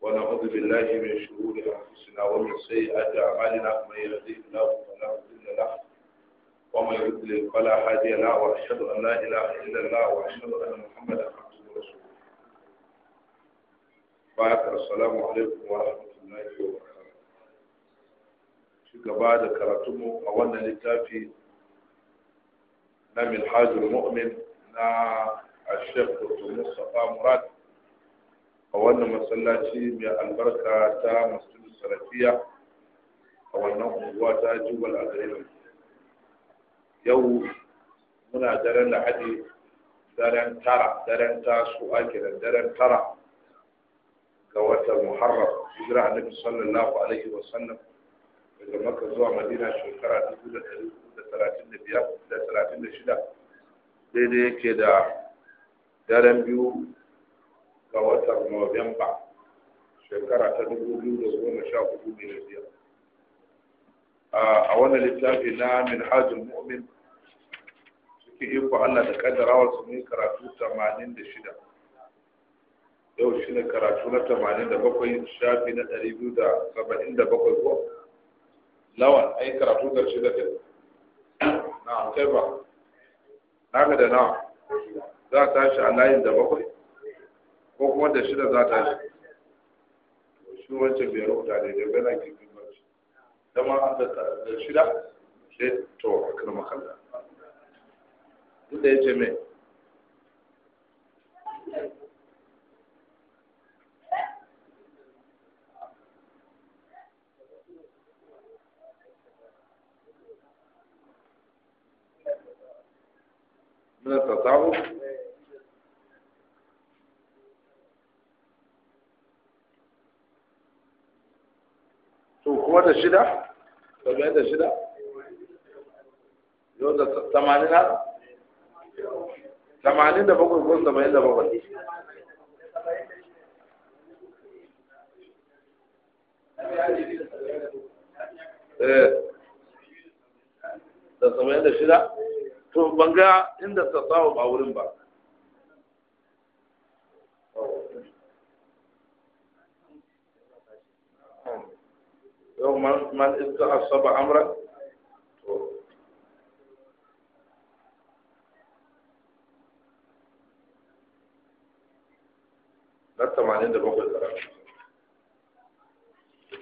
ونعوذ بالله من شرور أنفسنا ومن سيئات أعمالنا من يهده الله فلا مضل له ومن يضلل فلا هادي له وأشهد أن لا إله إلا الله وأشهد أن محمدا عبده ورسوله بعد السلام عليكم ورحمة الله وبركاته شكرا بعد كراتمه أولا للتافي نعم الحاج المؤمن na الشيخ دكتور مصطفى مراد a wannan masallaci mai albarka ta masjid salafiya a wannan unguwa ta jubal agreement yau muna daren lahadi daren tara daren tasu ake da daren tara ga watan muharram hijira annabi sallallahu alaihi wa sallam daga makka zuwa madina shekara shida. daidai yake da daren biyu ga watan Nuwamba shekara ta dubu biyu da goma sha hudu biyar. A wannan littafi na min hajjin Mu'min cikin iko Allah da kaddarawa su ne karatu tamanin da shida. Yau shi ne karatu na tamanin da bakwai shafi na ɗari biyu da saba'in da bakwai ko? Lawan, ai karatu da shida ɗin. Na, kai ba. ga da na'am. za a tashi a layin da bakwai. ko kuma da shida za ta shi shi wancan bai rubuta ne da bai na kifin barci dama an da shida sai to a kan makalla inda ya ce mai من to kuma da shida saba'in da shida yau da tamanin har tamanin da bakwai ko tamanin da bakwai eh, da tamanin da shida to banga inda ta samu ba wurin ba man man asaba amra to na 87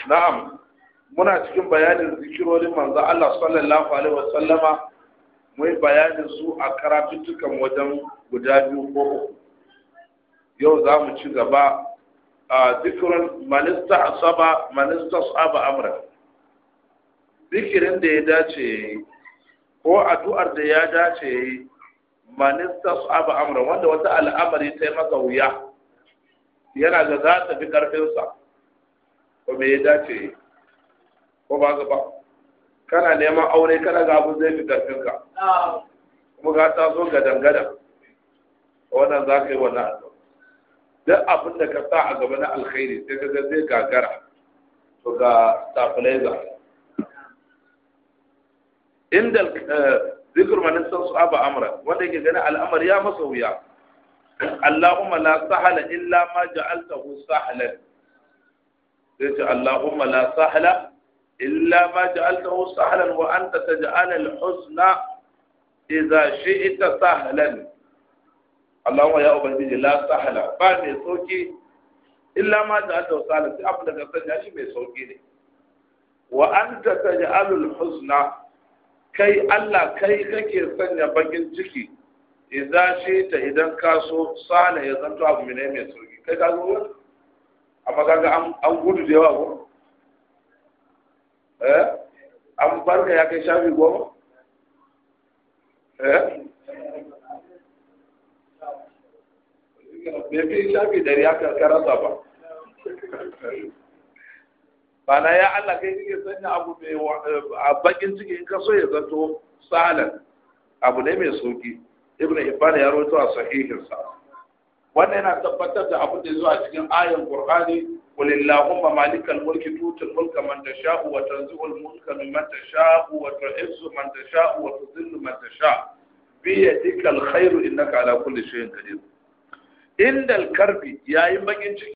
na'am muna cikin bayanin zikirorin manzo Allah sallallahu alaihi sallama mai bayanin su a karatuttukan wajen guda biyu ko uku yau za mu ci gaba a zikirin manista asaba manista asaba amra zikirin da ya dace ko addu'ar da ya dace ya manista su abu amra wanda wata al'amari ta yi masa wuya yana da za ta fi ƙarfinsa ko me ya dace ko ba ba kana neman aure kana ga abin zai fi ƙarfinka kuma ka ta zo ga gadan wannan za ka yi wannan addu'a duk abin da ka sa a gaba na alkhairi sai ka ga zai gagara to ga stabilizer inda eh, zikr man san su aba amra wanda yake gani al'amari ya masa wuya Allahumma la sahala illa ma ja'altahu sahlan sai ce Allahumma la sahla illa ma ja'altahu sahlan wa anta taj'al al huzna, idza shi'ta sahlan Allahumma ya ubangiji la sahla ba mai sauki illa ma ja'altahu sahlan sai abin da ka sanya shi mai sauki ne wa anta taj'al al huzna. kai Allah kai kake sanya bakin ciki idan shi ta idan ka so sale ya zanto abu ne mai sauki kai ka zo amma ga an gudu da yawa ko eh an barka ya kai shafi goma eh bai fi shafi dari ya karkara ba ba na ya Allah kai kike sanya abu mai eh, a bakin ciki in ka so ya zanto salan abu ne mai sauki ibnu hibban ya rawaito a sahihin sa wannan yana tabbatar da abin da zuwa cikin ayan qur'ani qul illahumma malikal mulki tutul mulka man tasha'u wa tanzi'ul mulka mimman tasha'u wa tu'izzu man tasha'u wa tudhillu man tasha'u bi yadikal khairu innaka ala kulli shay'in qadir inda al-karbi yayin bakin ciki